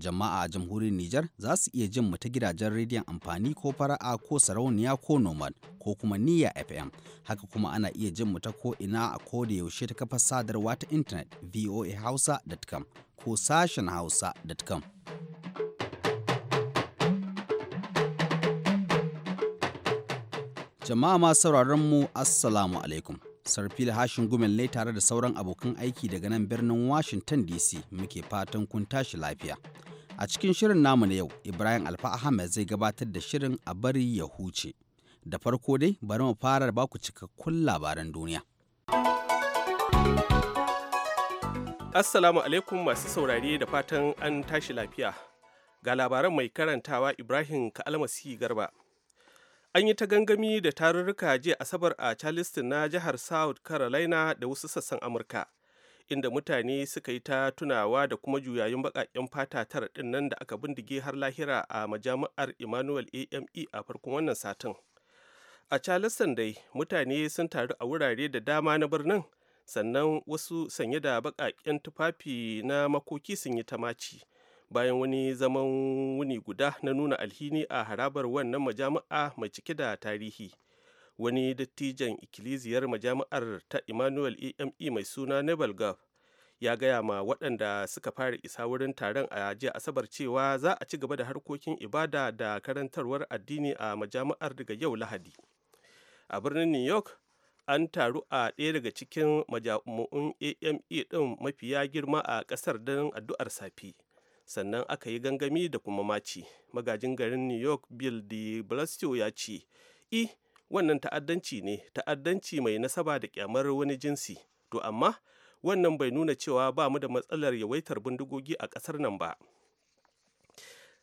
jama'a a jamhuriyar Nijar za su iya jin mu ta gidajen rediyon amfani ko fara'a ko sarauniya ko nomad ko kuma niya FM. Haka kuma ana iya jin mu ta ko ina a ko da yaushe ta kafar sadarwa ta intanet voahausa.com ko sashen hausa.com. Jama'a ma sauraron mu Assalamu alaikum. sarfil hashin gumen lai tare da sauran abokan aiki daga nan birnin washington dc muke fatan kun tashi lafiya A cikin shirin namu na yau, Ibrahim Alfa Ahmed zai gabatar da shirin a bari ya huce. Da farko dai bari mu fara baku cikakkun labaran duniya. Assalamu alaikum masu saurare da fatan an tashi lafiya. Ga labaran mai karantawa Ibrahim Ka'almasi Garba. An yi ta gangami da tarurruka jiya Asabar a Charleston na jihar South Carolina da wasu sassan Amurka. inda mutane suka yi ta tunawa da kuma juyayin baƙaƙen fata tara ɗin nan da aka bindige har lahira a majami'ar Emmanuel AME a farkon wannan satin. A Charleston dai mutane sun taru a wurare da dama na birnin sannan wasu sanye da baƙaƙen tufafi na makoki sun yi tamaci bayan wani zaman wuni guda na nuna alhini a harabar wannan majami'a mai cike da tarihi. wani dattijan ikkilisiyar majami'ar ta emmanuel ame mai suna nebel gaf ya gaya ma waɗanda suka fara isa wurin taron a jiya asabar cewa za a ci gaba da harkokin ibada da karantarwar addini a majami'ar daga yau lahadi a birnin new york an taru a ɗaya daga cikin majami'un ame ɗin mafiya girma a ƙasar don addu'ar safe, sannan aka yi gangami da kuma maci magajin garin new york bill de blasio ya ce i wannan ta'addanci ne ta'addanci mai nasaba da kyamar wani jinsi to amma wannan bai nuna cewa ba mu da matsalar yawaitar bindigogi a ƙasar nan ba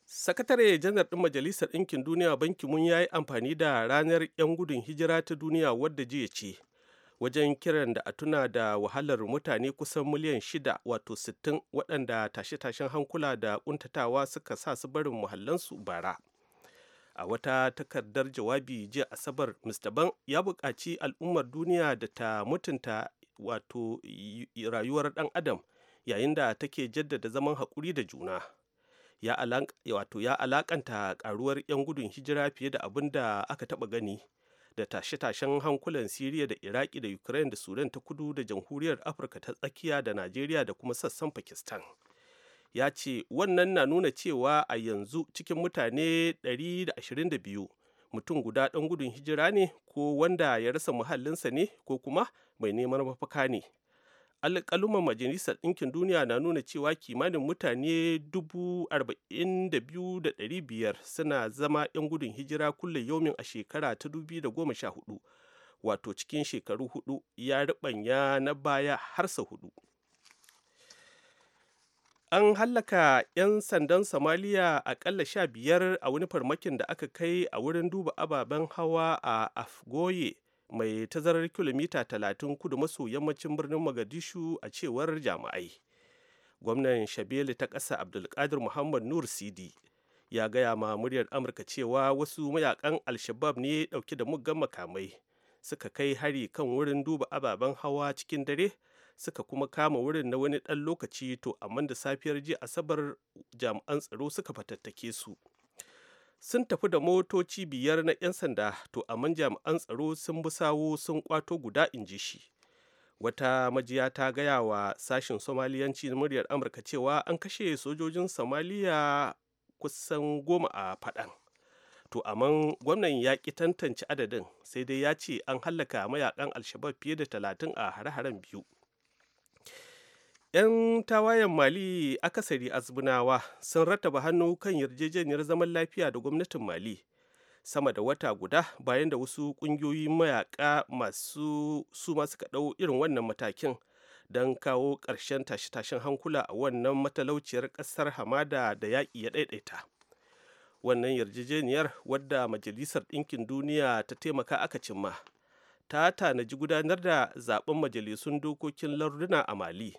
sakatare janar ɗin majalisar ɗinkin duniya banki mun ya yi amfani da ranar 'yan gudun hijira ta duniya wadda jiya ce wajen kiran da a tuna da wahalar mutane kusan miliyan shida wato 60 waɗanda tashe-tashen hankula da ƙuntatawa suka sa su barin muhallansu bara. a wata takardar jawabi jiya asabar mr ban ya buƙaci al'ummar duniya da ta mutunta wato rayuwar ɗan adam yayin da take jaddada zaman haƙuri da juna ya alaƙanta ƙaruwar 'yan gudun hijira fiye da abin da aka taɓa gani da tashe-tashen hankulan siriya da iraki da ukraine da sudan ta kudu da jamhuriyar afirka ta tsakiya da najeriya da kuma sassan pakistan ya ce wannan na nuna cewa a yanzu cikin mutane 122 mutum guda ɗan gudun hijira ne ko wanda ya rasa muhallinsa ne ko kuma mai neman mafaka ne alƙaluman majalisar ɗinkin duniya na nuna cewa kimanin mutane 42,500 suna zama 'yan gudun hijira kulle yomin a shekara ta 2014 wato cikin shekaru hudu ya riɓanya na baya har sa hudu an hallaka 'yan sandan somaliya akalla sha biyar a wani farmakin da aka kai a wurin duba ababen hawa a afgoye mai tazarar kilomita talatin kudu maso yammacin birnin magadishu a cewar jami'ai gwamnan shabele ta ƙasa abdulkadir muhammad nur sidi ya gaya ma muryar amurka cewa wasu mayakan alshabab ne ɗauke da muggan makamai suka kai hari kan wurin duba ababen hawa cikin dare suka kuma kama wurin na wani ɗan lokaci to amma da safiyar ji asabar jami'an tsaro suka fatattake su sun tafi da motoci biyar na 'yan sanda to amma jami'an tsaro sun bi sawo sun kwato guda in ji shi wata majiya ta gaya wa sashin somaliyanci na muryar amurka cewa an kashe sojojin somaliya kusan goma a faɗan to amma gwamnan ya ƙi tantance adadin sai dai ya ce an hallaka mayakan alshabab fiye da talatin a hare-haren biyu 'yan tawayen mali akasari azbunawa sun rattaba hannu kan yarjejeniyar zaman lafiya da gwamnatin mali sama da wata guda bayan da wasu ƙungiyoyi mayaka masu su ma suka ɗau irin wannan matakin don kawo ƙarshen tashe-tashen hankula a wannan matalauciyar ƙasar hamada da yaƙi ya ɗaiɗaita wannan yarjejeniyar wadda majalisar ɗinkin duniya ta taimaka aka cimma ta tanaji gudanar da zaben majalisun dokokin larduna a mali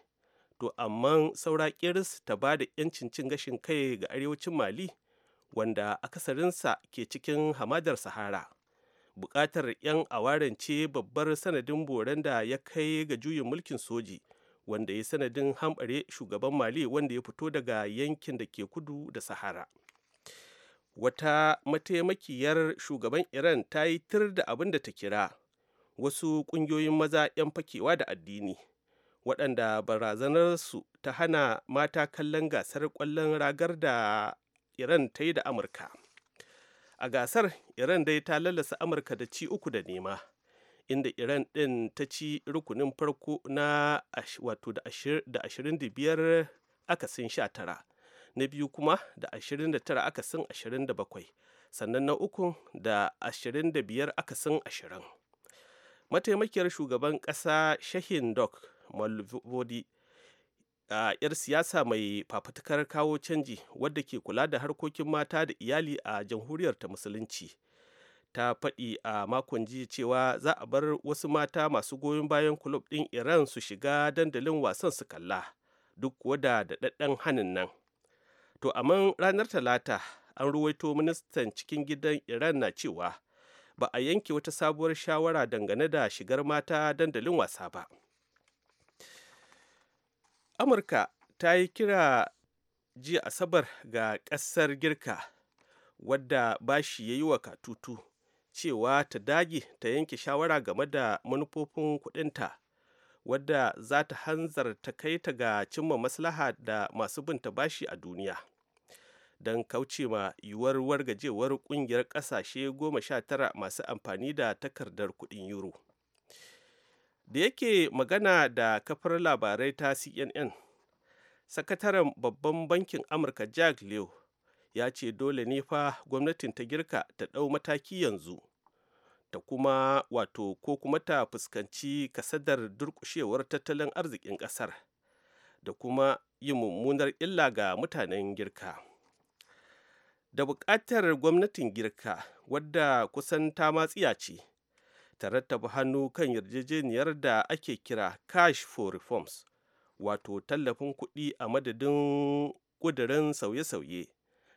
to amma saura kiris ta ba da 'yancin cin gashin kai ga arewacin mali wanda akasarinsa ke cikin hamadar sahara bukatar 'yan awaren ce babbar sanadin boran da ya kai ga juyin mulkin soji wanda ya sanadin hambare shugaban mali wanda ya fito daga yankin da ke kudu da sahara wata mataimakiyar shugaban iran ta yi tir da abin da ta kira wasu ƙungiyoyin maza 'yan fakewa da addini waɗanda barazanarsu ta hana mata kallon gasar ƙwallon ragar da iran ta yi da amurka a gasar iran dai ta lalasa amurka da ci uku da nema inda iran ɗin ta ci rukunin farko na wato da 25 sha tara na biyu kuma da ashirin da 27 sannan na uku da 25 sun ashirin mataimakiyar shugaban ƙasa shahin dok malvodi a yar siyasa mai fafutukar kawo canji wadda ke kula da harkokin mata da iyali a jamhuriyar ta musulunci ta faɗi a makon jiya cewa za a bar wasu mata masu goyon bayan kulob ɗin iran su shiga dandalin wasan su kalla duk wada da daɗaɗɗen hannun nan to amma ranar talata an ruwaito ministan cikin gidan iran na cewa ba a yanke wata sabuwar shawara dangane da shigar mata dandalin wasa ba amurka ta yi kira jiya asabar ga ƙasar girka wadda bashi ya yi wa katutu cewa ta dage ta yanke shawara game da manufofin kudinta wadda za ta hanzarta kai ta ga cimma maslaha da masu binta bashi a duniya don kauce ma yiwuwar wargajewar kungiyar kasashe goma sha tara masu amfani da takardar kudin euro da yake magana da kafar labarai ta cnn sakataren babban bankin amurka jack leo ya ce dole ne fa gwamnatin ta girka ta ɗau mataki yanzu ta kuma wato ko kuma ta fuskanci kasadar durƙushewar tattalin arzikin ƙasar da kuma yi mummunar illa ga mutanen girka da buƙatar gwamnatin girka wadda kusan ta matsiya ce ta rattaba hannu kan yarjejeniyar da ake kira cash for reforms wato tallafin kuɗi a madadin ƙudurin sauye-sauye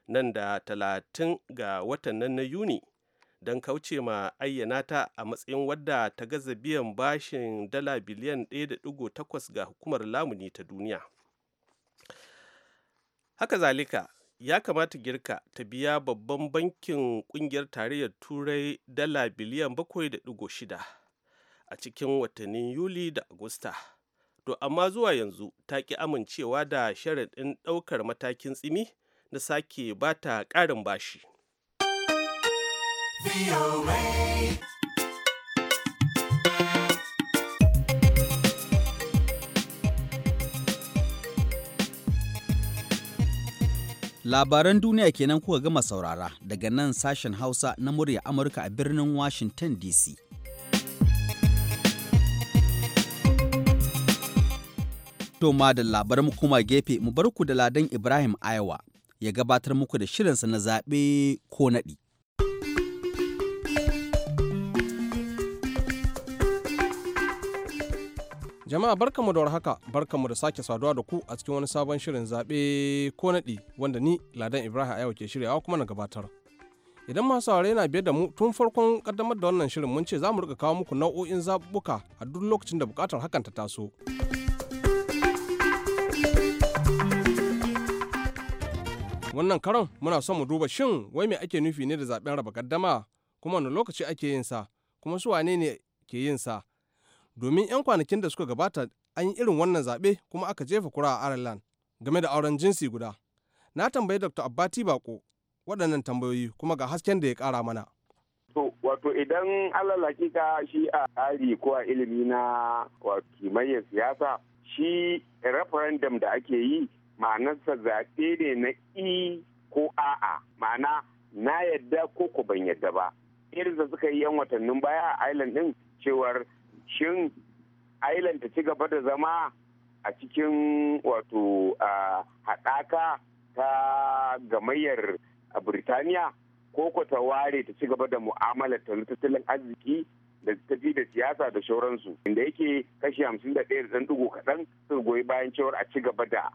nan da talatin ga watan na yuni don kauce ma ayyana ta a matsayin wadda ta gaza biyan bashin dala biliyan 1.8 ga hukumar lamuni ta duniya haka zalika ya kamata girka ta biya babban bankin kungiyar tarayyar turai dala biliyan 7.6 a cikin watannin yuli da agusta to amma zuwa yanzu ta ki amincewa da sharaɗin ɗaukar matakin tsimi na sake ba ta ƙarin bashi. Labaran duniya kenan kuka gama saurara daga nan sashen Hausa na murya Amurka a birnin Washington DC. To ma da labaran mu kuma gefe mu bar ku da ladan Ibrahim Ayawa ya gabatar muku da shirinsa na zaɓe ko naɗi. Jama'a mu da warhaka, mu da sake saduwa da ku a cikin wani sabon shirin zaɓe ko naɗi wanda ni Ladan Ibrahim Ayawa ke shiryawa kuma na gabatar. Idan masu saurare yana biye da mu tun farkon kaddamar da wannan shirin mun ce za mu rika kawo muku nau'o'in zabuka a duk lokacin da buƙatar hakan ta taso. Wannan karon muna son mu duba shin wai me ake nufi ne da zaɓen raba kaddama kuma wani lokaci ake yin sa kuma su wane ne ke yin sa domin 'yan kwanakin da suka gabata an yi irin wannan zaɓe kuma aka jefa kura a Ireland game da auren jinsi guda. Na tambayi Dr. Abbati Bako waɗannan tambayoyi kuma ga hasken da ya ƙara mana. To, wato idan alal hakika shi a tsari ko a ilimi na kimayyar siyasa shi referendum da ake yi ma'anarsa zaɓe ne na i ko a'a ma'ana na yadda ko ku ban yadda ba. irin da suka yi 'yan watannin baya a island ɗin cewar shin ailan ta ci gaba da zama a cikin wato haɗaka ta gamayyar birtaniya ko ko ta ware ta ci gaba da mu'amalar ta tattalin arziki da tafi da siyasa da shauransu inda yake kashi hamsin da ɗaya da ɗan ɗigo kaɗan su goyi bayan cewar a ci gaba da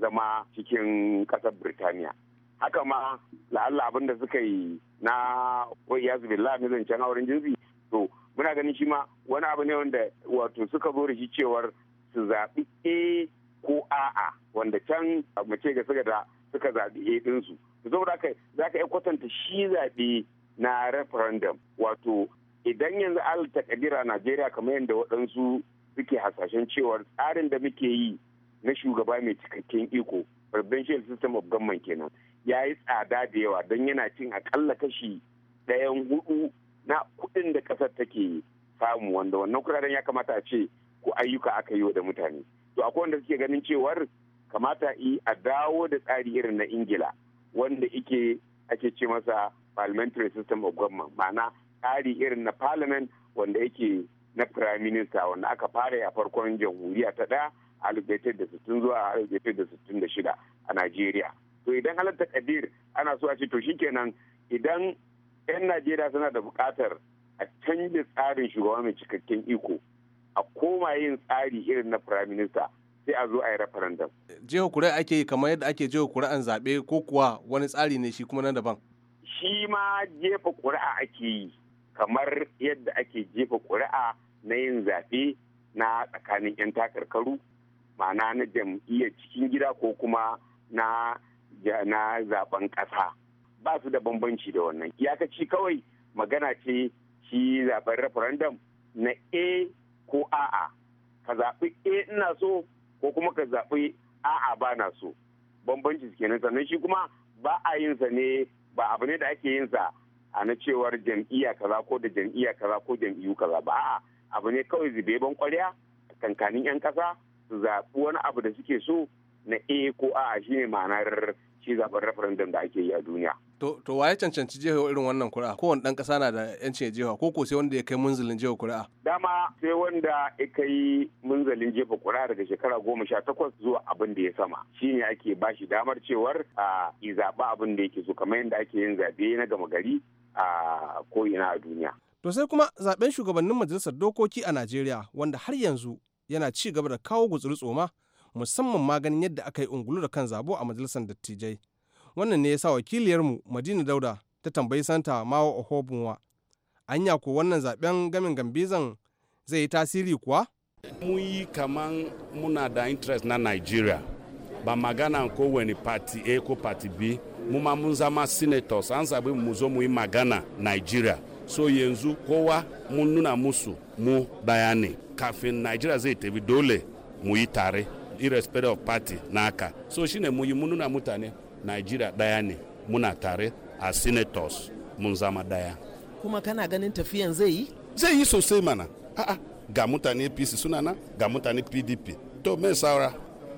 zama cikin ƙasar birtaniya haka ma la'alla abin da suka yi na wai ya zubi zancen auren jinsi to muna ganin shi ma wani abu ne wanda wato suka zo da shi cewar su zaɓi a ko a'a wanda can mace ga suka da suka zaɓi a ɗinsu to saboda haka za ka iya kwatanta shi zaɓe na referendum wato idan yanzu al takadira najeriya kamar yadda waɗansu suke hasashen cewar tsarin da muke yi na shugaba mai cikakken iko presidential system of government kenan ya yi tsada da yawa don yana cin akalla kashi ɗayan hudu na kudin da kasar take samu wanda wannan kudaden ya kamata a ce ko ayyuka aka yi wa da mutane to akwai wanda suke ganin cewar kamata yi a dawo da tsari irin na ingila wanda ike ake ce masa parliamentary system of government ma'ana tsari irin na parliament wanda yake na prime minister wanda aka fara ya farkon jamhuriya ta ɗaya alif da sittin zuwa da sittin a nigeria to idan halatta kadir ana so a ce to shikenan idan 'yan najeriya suna da buƙatar a canza tsarin shugaba mai cikakken iko a koma yin tsari irin na firaminista sai a zo a yi referendum. jihar kura ake kamar yadda ake kura an zaɓe ko kuwa wani tsari ne shi kuma na daban shi ma jefa kuri'a ake yi kamar yadda ake jefa kuri'a na yin zaɓe na tsakanin 'yan takarkaru ma'ana na jam'iyyar cikin gida ko kuma na zaben ƙasa. ba su da bambanci da wannan iyakaci kawai magana ce shi zaben referendum na a ko a'a ka zaɓi a ina so ko kuma ka zaɓi a'a ba na so bambanci kenan sannan shi kuma ba a yin sa ne ba abu ne da ake yin sa a na cewar jam'iyya kaza ko da jam'iyya kaza ko jam'iyyu kaza ba a'a abu ne kawai zube ban kwarya kankanin yan kasa su zaɓi wani abu da suke so na a ko a'a shine ma'anar shi zaben referendum da ake yi a duniya. To, to waye cancanci jihar irin wannan kuri'a kowane ɗan ƙasa na da yancin ya jefa ko ko sai wanda ya kai munzalin jefa kuri'a? Dama sai wanda ya kai munzalin jefa kuri'a daga shekara goma sha takwas zuwa abin da ya sama shi ne ake bashi damar cewar a zaɓa abin da yake so kamar yadda ake yin zaɓe na gama gari a ko ina a duniya. To sai kuma zaɓen shugabannin majalisar dokoki a Najeriya wanda har yanzu yana ci gaba da kawo gutsuri tsoma musamman maganin yadda aka yi ungulu da kan zabo a majalisar dattijai wannan ne ya sa wakiliyarmu madina dauda ta tambayi santa mawa ohobunwa anya ko wannan zaben gamin gambizan zai yi tasiri kuwa mun yi kaman muna da interest na nigeria ba magana ko wani party a ko party b mu ma mun zama senators an zabi mu zo mu yi magana nigeria so yanzu kowa mun nuna musu mu daya ne kafin nigeria zai tafi dole mu yi tare irrespective of party naka so shine mu yi mu mutane nigeria daya ne muna tare a senators mun zama daya kuma kana ganin tafiyan zai yi zai yi sosai mana a'a ga mutane apc suna na ga mutane pdp to me saura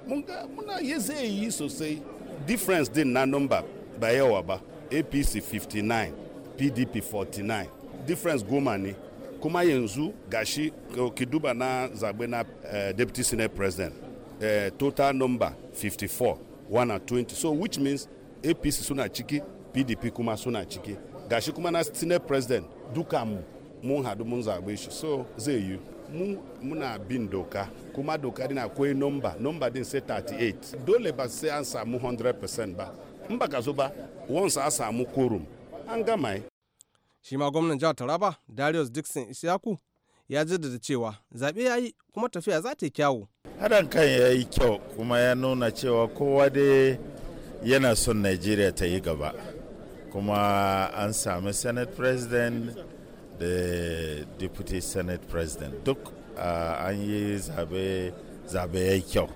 munga muna ye zai yi sosai difference din na number ba yawa ba apc 59 pdp 49 difference goma ne kuma yanzu gashi eh, ki na zaɓe na uh, deputy senate president uh, total number 54 120 so which means apc suna ciki pdp kuma suna ciki gashi kuma na senate president duka mu mun hadu mun zaɓe shi so zai yi mu na bin doka kuma doka din akwai number number din sai 38 dole ba sai an samu 100% ba in ba ka zo ba once a samu korum an gama shi ma gwamnan jihar taraba darius dixon isiyaku ya jaddada cewa zaɓe ya yi kuma tafiya za ta yi kyawu. Haɗin kan ya yi kyau kuma ya nuna cewa kowa dai yana son Najeriya ta yi gaba. Kuma an sami Senate President da Deputy Senate President duk uh, an yi zaɓe zaɓe ya yi kyau.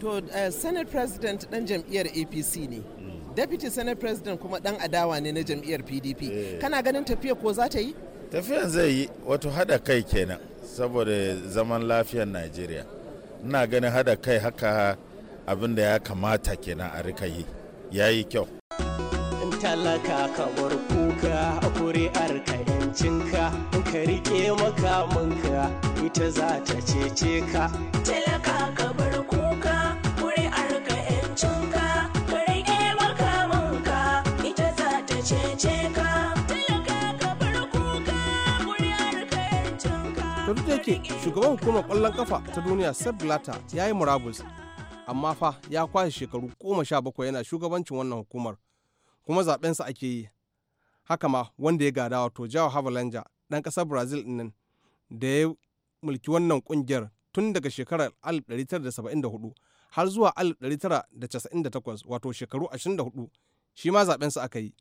To uh, Senate President ɗan jam'iyyar APC ne. Mm. Deputy Senate President kuma ɗan adawa ne na jam'iyyar PDP. Eh. Kana ganin tafiya ko za ta yi? tafiyan zai yi wato hada kai kenan saboda zaman lafiyar najeriya ina ganin hada kai haka abin da ya kamata kenan a rika yi ya yi kyau talaka ka bar kuka a kuri'ar ka yancinka in ka rike makamanka ita za ta cece ka ka bar yake shugaban hukumar kwallon kafa ta duniya sepp blatter ya yi murabus amma fa ya kwashe shekaru goma sha bakwai yana shugabancin wannan hukumar kuma zaɓensa ake yi haka ma wanda ya gada wato jawo havalanja dan kasar brazil nan da ya mulki wannan kungiyar tun daga shekarar 1974 har zuwa 1998 wato shekaru 24 shi ma zaɓensa aka yi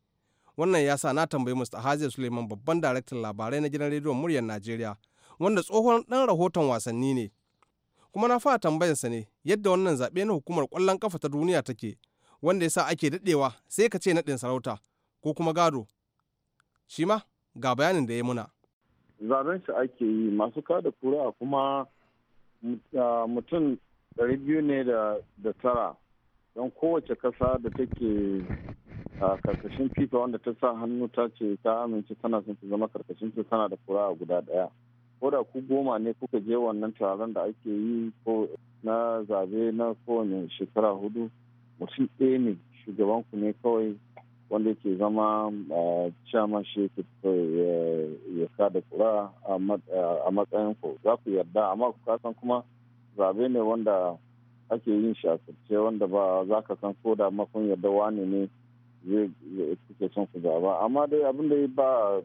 wannan ya sa na tambayi mr hajiya suleiman babban daraktan labarai na gidan rediyon muryar najeriya wanda tsohon ɗan rahoton wasanni ne kuma na fara tambayarsa ne yadda wannan zaɓe na hukumar ƙwallon ƙafa ta duniya take wanda yasa ake daɗewa sai ka ce naɗin sarauta ko kuma gado shi ma ga bayanin da ya muna zaben shi ake yi masu kada kura kuma ah, mutum ɗari biyu ne da tara don kowace ƙasa da take karkashin ah, fifa wanda ta sa hannu ta ce ta amince tana son ta zama karkashin ta tana da kura guda ɗaya ko da ku goma ne kuka je wannan taron da ake yi ko na zabe na kowane shekara hudu mutum ɗaya ne shugaban ku ne kawai wanda ke zama cama shi eh, ya kada kura a matsayin ku za ku yarda amma ku kasan kuma zabe ne wanda ake yin shafirce wanda ba za ka san ko da makon yarda wani ne zai kuke son ku zaba amma dai abin da ya ba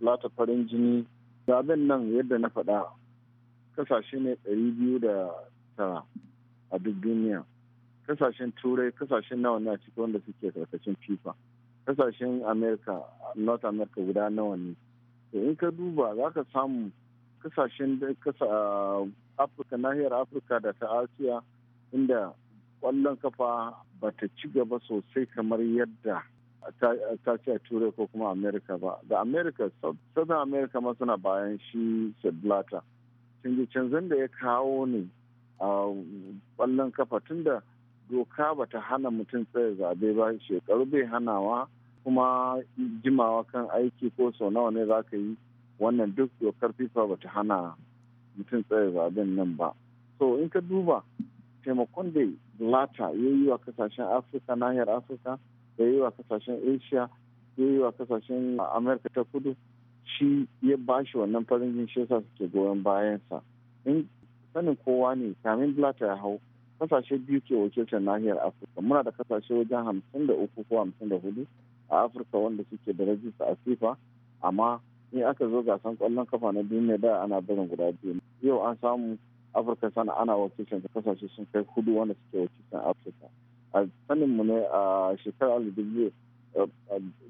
lata farin jini zaben nan yadda na faɗa kasashe ne ɗari da tara a duk duniya kasashen turai kasashen nawa ne a ciki wanda suke karkashin fifa kasashen america north america guda nawa ne to in ka duba za ka samu kasashen afirka nahiyar afirka da ta asiya inda kwallon kafa ba ta ci gaba sosai kamar yadda ta a turai ko kuma america ba da america southern america ma suna bayan shi blatter canje canzan da ya kawo ne a ƙwallon kafa tun da doka ba ta hana mutum tsaye zabe ba shekaru bai hanawa kuma jimawa kan aiki ko sau nawa ne za ka yi wannan duk dokar fifa ba ta hana mutum tsaye zaben nan ba so in ka duba taimakon da lata ya yi wa kasashen afirka nahiyar afirka da yi wa kasashen asia da yi wa kasashen amurka ta kudu shi ya ba shi wannan farin jin shi yasa suke goyon bayansa in sanin kowa ne kamin blatter ya hau kasashe biyu ke wakiltar nahiyar afirka muna da kasashe wajen hamsin da uku ko hamsin da hudu a afirka wanda suke da rajista a fifa amma in aka zo gasan kwallon kafa na duniya da ana barin guda biyu yau an samu afirka sana ana wakiltar kasashe sun kai hudu wanda suke wakiltar afirka a sanin mu ne a shekarar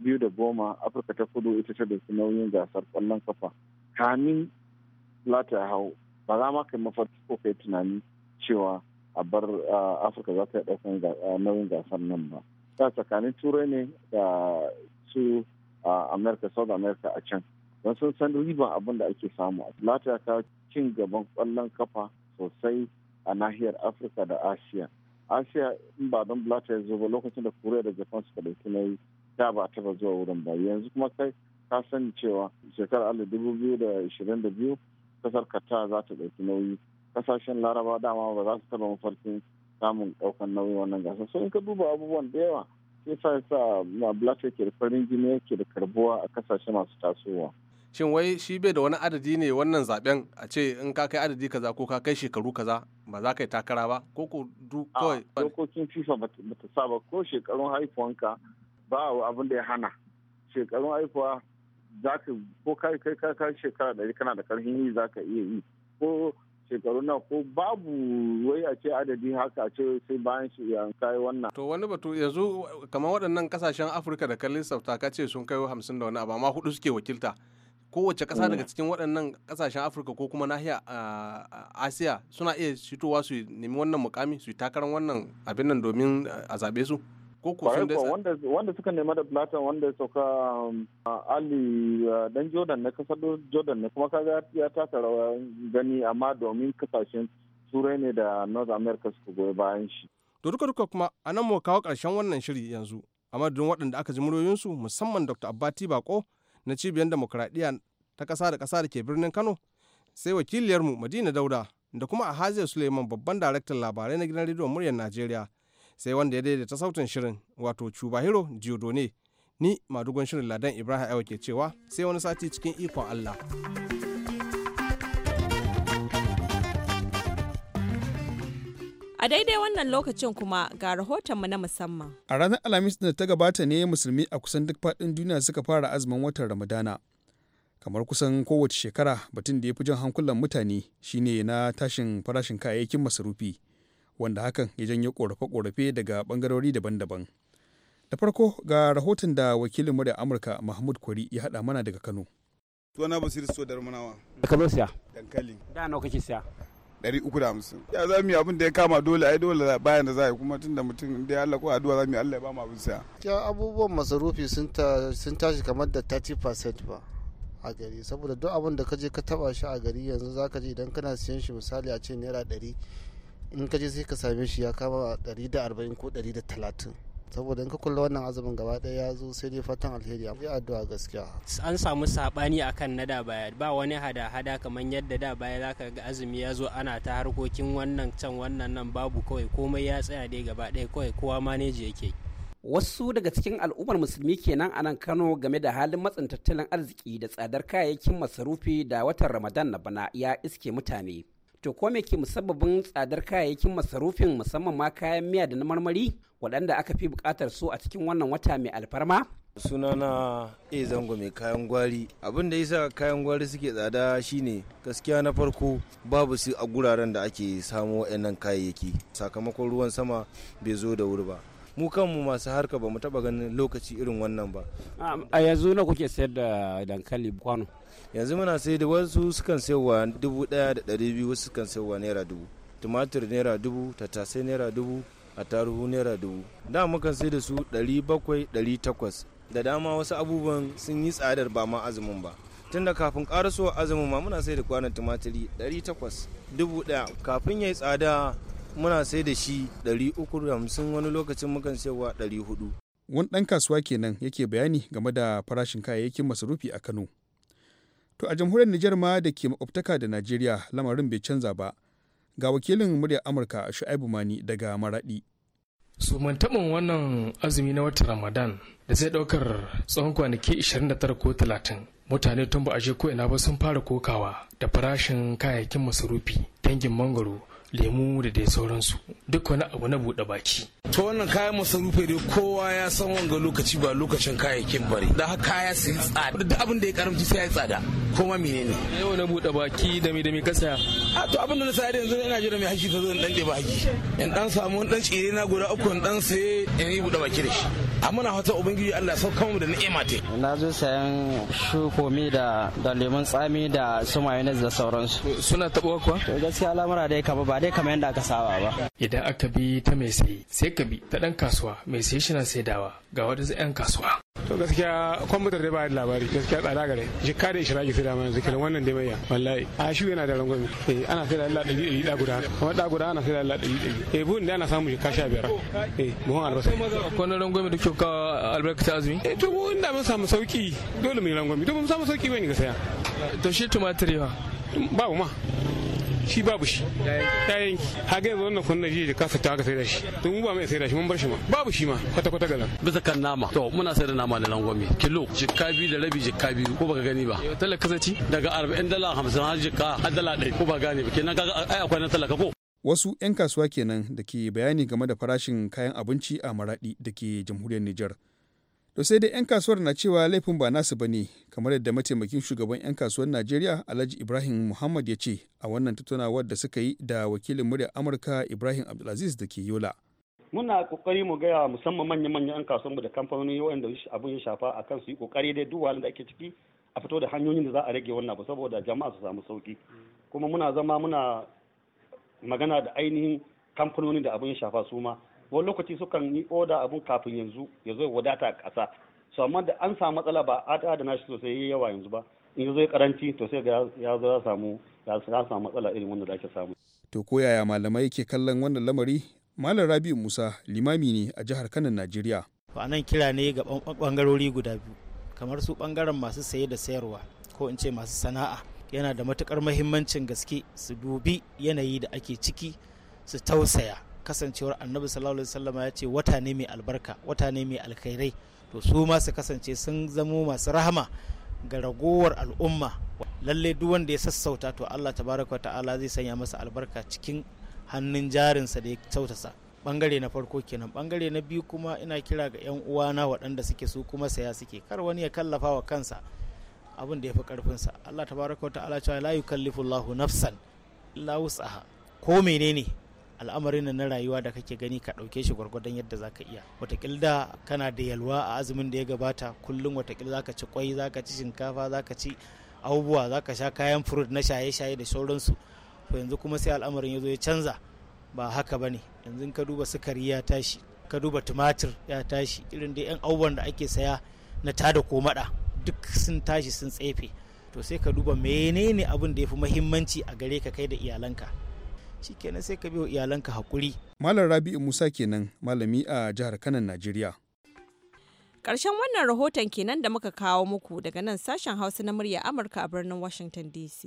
biyu da goma afirka ta kudu ita ta su nauyin gasar kwallon kafa kamin lata a hau ba za ma kai mafarki ko kai tunani cewa a bar afirka za ta yi daukan nauyin gasar nan ba ta tsakanin turai ne da su america south america a can don sun san riban abin da ake samu a ta cin gaban kwallon kafa sosai a nahiyar afirka da asiya asiya in ba don blatter ya zo ba lokacin da koriya da japan suka ɗauki yi da ba taba zuwa wurin ba yanzu kuma kai ka sani cewa shekarar alif dubu biyu da ishirin da biyu kasar kata za ta ɗauki nauyi kasashen laraba dama ba za su taba mafarkin samun ɗaukan nauyi wannan gasa so in ka duba abubuwan da yawa sai sa sa blatter ke da farin jini yake da karbuwa a kasashe masu tasowa. shin wai shi bai da wani adadi ne wannan zaben a ce in ka kai adadi kaza ko ka kai shekaru kaza ba za ka yi takara ba ko ko du kawai dokokin fifa ba ta saba ko shekarun haifuwanka ba abin da ya hana shekarun haifuwa za ka ko kai kai kai shekara ɗari kana da karfin yi za ka iya yi ko shekaru na ko babu wai a ce adadi haka a ce sai bayan shi ya kai wannan. To wani batu yanzu kamar waɗannan kasashen Afirka da kan lissafta ka ce sun kai hamsin da wani abu amma hudu suke wakilta. kowace ƙasa daga mm. cikin waɗannan ƙasashen afirka ko kuma nahiyar asiya suna iya fitowa su nemi wannan mukami su yi takarar wannan abin nan domin a zaɓe su ko ko sun wanda suka nema da platon wanda ya sauka um, ali dan jordan na kasar jordan ne kuma kaga ya taka rawa gani amma domin kasashen turai ne da north america suka goyi bayan shi to duka duka kuma anan mu kawo ƙarshen wannan shiri yanzu a madadin waɗanda aka ji muryoyinsu musamman dr abbati bako na cibiyar demokuraɗiyya ta ƙasa da ƙasa da ke birnin kano sai wakiliyarmu madina dauda da kuma ahaziya suleiman babban daraktan labarai na gidan rediyon muryar najeriya sai wanda ya daidaita sautin shirin wato cubahiro jiyodone ni madugon shirin ladan ibrahim ke cewa sai wani sati cikin ikon allah daidai wannan lokacin kuma ga rahotonmu na musamman. A ranar Alhamis da ta gabata ne musulmi a kusan duk faɗin duniya suka fara azumin watan Ramadana. Kamar kusan kowace shekara batun da ya fi jan hankulan mutane shine na tashin farashin kayayyakin masarufi wanda hakan ya janyo korafe-korafe daga bangarori daban-daban. Da farko ga rahoton da wakilin murya Amurka Mahmud Kwari ya haɗa mana daga Kano. Tuwa na basiri so Da siya. Dankali. Da nawa kake siya? 350 ya za mu yi abin da ya kama dole ai dole bayan da za yi kuma tunda mutum da ya Allah ko addu'a za mu yi Allah ya ba mu abin saya ya abubuwan masarufi sun tashi kamar da 30% ba a gari saboda duk abin da kaje ka taba shi a gari yanzu zaka ji idan kana siyan shi misali a ce naira 100 in kaje sai ka same shi ya kama 140 ko 130 saboda in ka kulla wannan azumin gaba ɗaya ya zo sai dai fatan alheri a addu'a gaskiya an samu sabani akan na da baya ba wani hada hada kamar yadda da baya zaka ga azumi ya zo ana ta harkokin wannan can wannan nan babu kawai komai ya tsaya dai gaba ɗaya kawai kowa maneji yake wasu daga cikin al'ummar musulmi kenan a nan kano game da halin matsin tattalin arziki da tsadar kayayyakin masarufi da watan ramadan na bana ya iske mutane To ko me ke musabbabin tsadar kayayyakin masarufin musamman ma kayan miya da na marmari waɗanda aka fi buƙatar su a cikin wannan wata mai alfarma? sunana e zango mai kayan gwari abin da yasa kayan gwari suke tsada shine gaskiya na farko babu su a guraren da ake samo wa'annan kayayyaki sakamakon ruwan sama bai zo da wuri ba mu kanmu masu harka ba mu taba ganin lokaci irin wannan ba a yanzu na kuke sayar da dankali kwano yanzu muna sai da wasu sukan saiwa dubu daya da dari biyu wasu sukan saiwa naira dubu tumatir naira dubu tattasai naira dubu a taruhu naira dubu da mukan sai da su ɗari bakwai ɗari takwas da dama wasu abubuwan sun yi tsadar ba ma azumin ba tun da kafin karasowa azumin ma muna sai da kwanan tumatiri takwas dubu daya kafin ya yi tsada muna sai da shi 350 wani lokacin mukan ɗari 400 wani ɗan kasuwa kenan yake bayani game da farashin kayayyakin masarufi a kano to a jamhuriyar nijar ma da ke makwabtaka da najeriya lamarin bai canza ba ga wakilin muryar amurka shu'aibu mani daga maraɗi. su mantaban wannan azumi na watan ramadan da zai ɗaukar tsawon kwanaki 29 ko 30 mutane tun ba a je ko ina ba sun fara kokawa da farashin kayayyakin masarufi dangin mangoro lemu da dai sauransu duk wani abu na buɗe baki. to wannan kayan masarufe dai kowa ya san wanga lokaci ba lokacin kayayyakin bare da haka kaya su yi tsada duk abin da ya karamci sai ya tsada kuma menene yau na buɗe baki da me da me ka saya a to abin da na saya yanzu ina jira mai hashi ta zo in dan ba haki in dan samu dan tsire na guda uku in dan sai in yi buɗe baki da shi a muna fatan ubangiji Allah sau mu da ni'ima te na zo sayan shukomi da da lemun tsami da su mayonnaise da sauransu suna tabuwa kuwa to gaskiya lamura dai kaba ba dai kamar yadda aka saba ba idan aka bi ta mai sayi sai ka bi ta ɗan kasuwa mai sayi shi na saidawa ga wadansu yan kasuwa to gaskiya kwamfutar dai ba da labari gaskiya tsada gare jikka da ishiraki sai da dama zikirin wannan dai bayya wallahi a shi yana da rangwami eh ana sai da Allah ɗari ɗari da guda kuma da guda ana sai da Allah ɗari ɗari eh buhun da ana samu jikka sha biyar eh buhun albasa ko na rangwami da kyau ka albarkata azumi eh to buhun da mun samu sauki dole mu yi rangwami to mun samu sauki bane gaskiya to shi tumatiri ba ba ma shi babu shi ta yanki a ga yanzu wannan kunna jiya ka fita aka sai da shi to mu ba mai sai da shi mun bar shi ma babu shi ma kwata kwata galan bisa kan nama to muna sai da nama da langwami kilo jikka biyu da rabi jikka biyu ko baka gani ba talaka kasance daga 40 dala 50 har jikka har dala 100 ko ba gane ba kenan kaga ai akwai na talaka ko wasu 'yan kasuwa kenan da ke bayani game da farashin kayan abinci a maradi da ke jamhuriyar Nijar. To sai dai 'yan kasuwar na cewa laifin ba nasu ba ne, kamar yadda mataimakin shugaban 'yan kasuwar Najeriya Alhaji Ibrahim Muhammad ya ce a wannan tattaunawar da suka yi da wakilin muryar Amurka Ibrahim Abdulaziz da ke Yola. Muna kokari mu gaya musamman manya-manyan 'yan kasuwar da kamfanoni wanda abin ya shafa a kan su yi kokari dai duk da ake ciki a fito da hanyoyin da za a rage wannan abu saboda jama'a su samu sauki. Kuma muna zama muna magana da ainihin kamfanoni da abin ya shafa su ma wani lokaci sukan yi oda abun kafin yanzu ya zo wadata a ƙasa su amma da an samu matsala ba a ta adana shi sosai yayi yawa yanzu ba in ya zo karanci to sai ga ya zo ya samu matsala irin wanda da ake samu to ko malamai ke kallon wannan lamari malam Rabi'u Musa limami ne a jihar Kano Najeriya a nan kira ne ga bangarori guda biyu kamar su bangaren masu saye da sayarwa ko in ce masu sana'a yana da matukar mahimmancin gaske su dubi yanayi da ake ciki su tausaya kasancewar annabi sallallahu alaihi wasallama ya ce wata ne mai albarka wata ne mai alkhairai to su ma su kasance sun zamo masu rahama ga ragowar al'umma lalle duk wanda ya sassauta to Allah tabaraka ta'ala zai sanya masa albarka cikin hannun jarinsa da ya kyautasa bangare na farko kenan bangare na biyu kuma ina kira ga yan uwana waɗanda suke su kuma saya suke kar wani ya kallafa wa kansa abin da ya fi karfinsa Allah tabaraka ta'ala cewa la yukallifullahu nafsan illa wus'aha ko menene al'amarin na rayuwa da kake gani ka ɗauke shi gwargwadon yadda za ka iya watakil da kana da yalwa a azumin da ya gabata kullum watakil za ka ci kwai za ka ci shinkafa za ka ci abubuwa za ka sha kayan furut na shaye-shaye da sauransu to yanzu kuma sai al'amarin ya zo ya canza ba haka ba ne yanzu ka duba sukari ya tashi ka duba tumatir ya tashi irin da 'yan abubuwan da ake saya na tada ko maɗa duk sun tashi sun tsefe to sai ka duba menene abin da ya fi muhimmanci a gare ka kai da iyalanka shikenan sai ka biyo iyalanka hakuri malam rabi'u musa kenan malami a jihar Kano najeriya Ƙarshen wannan rahoton kenan da muka kawo muku daga nan sashen Hausa na murya Amurka a birnin Washington DC.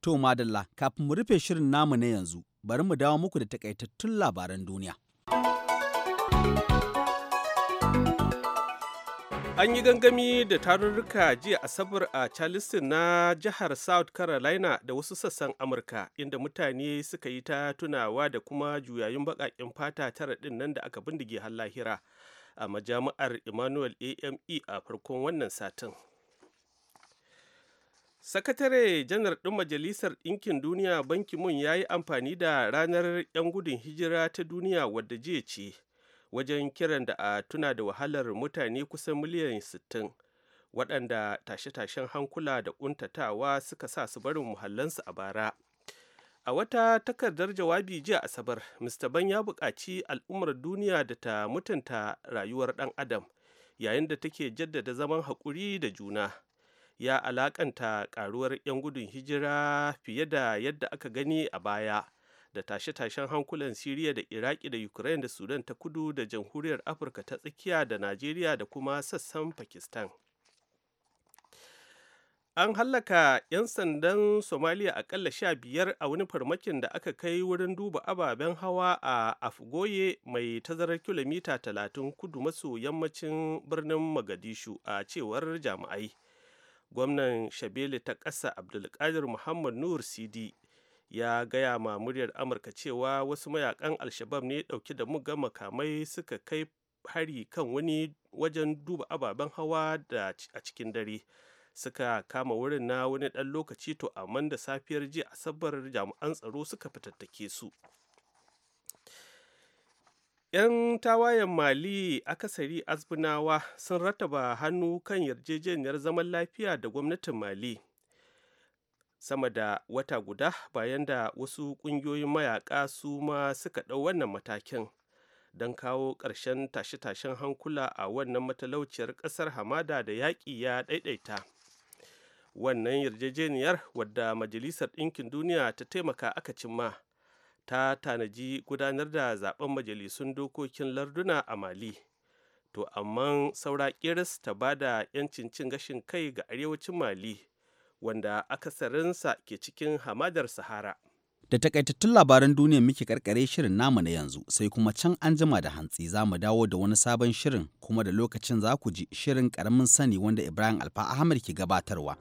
To Madalla, kafin mu rufe shirin namu na yanzu, bari mu dawo muku da takaitattun labaran duniya. An yi gangami da tarurruka jiya Asabar a Charleston na jihar South Carolina da wasu sassan Amurka inda mutane suka yi ta tunawa da kuma juyayun baƙaƙen fata tara ɗin nan da aka bindige har lahira a majami'ar Emmanuel AME a farkon wannan satin. sakatare janar ɗin majalisar ɗinkin duniya banki mun ya yi amfani da ranar 'yan gudun hijira ta duniya wadda jiya ce wajen kiran da a tuna da wahalar mutane kusan miliyan 60 waɗanda tashe-tashen hankula da ƙuntatawa suka sa su barin muhallansu a bara. A wata takardar jawabi jiya Asabar, Mr. Ban ya buƙaci al'ummar duniya da ta mutunta rayuwar ɗan Adam yayin da take jaddada zaman haƙuri da juna. Ya alaƙanta ƙaruwar 'yan gudun hijira fiye da yadda aka gani a baya. da tashe-tashen hankulan Siriya da Iraki da Ukraine da Sudan ta kudu da jamhuriyar Afirka ta tsakiya da Najeriya da kuma sassan Pakistan. An hallaka 'yan sandan Somaliya akalla sha biyar a wani farmakin da aka kai wurin duba ababen hawa a Afgoye mai tazarar kilomita talatin kudu maso yammacin birnin Magadishu a cewar jami'ai. Gwamnan shabeli ta ƙasa Abdulkadir Muhammad Nur Sidi. ya gaya ma muryar amurka cewa wasu mayakan alshabab ne dauke da muga makamai suka kai hari kan wani wajen duba ababen hawa da a cikin dare suka kama wurin na wani ɗan lokaci to amman da safiyar jiya asabar jami'an tsaro suka fitattake su 'yan tawayen mali akasari azbunawa sun rataba hannu kan yarjejeniyar zaman lafiya da gwamnatin mali sama da wata guda bayan da wasu ƙungiyoyin mayaƙa su ma suka ɗau wannan matakin don kawo ƙarshen tashe-tashen hankula a wannan matalauciyar ƙasar hamada da yaƙi ya ɗaiɗaita wannan yarjejeniyar wadda majalisar ɗinkin duniya ta taimaka aka cimma ta tanaji gudanar da zaben majalisun dokokin larduna a mali to amma saura kiris ta ba da 'yancin cin gashin kai ga arewacin mali wanda akasarinsa ke cikin hamadar sahara da takaitattun labaran duniya muke karkare shirin namu na yanzu sai kuma can an jima da hantsi za mu dawo da wani sabon shirin kuma da lokacin za ku ji shirin karamin sani wanda ibrahim alfa ahmad ke gabatarwa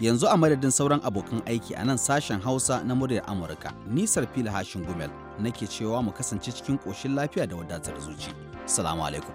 yanzu a madadin sauran abokan aiki a nan sashen hausa na muryar amurka nisar fili hashin gumel nake cewa mu kasance cikin koshin lafiya da wadatar zuci salamu alaikum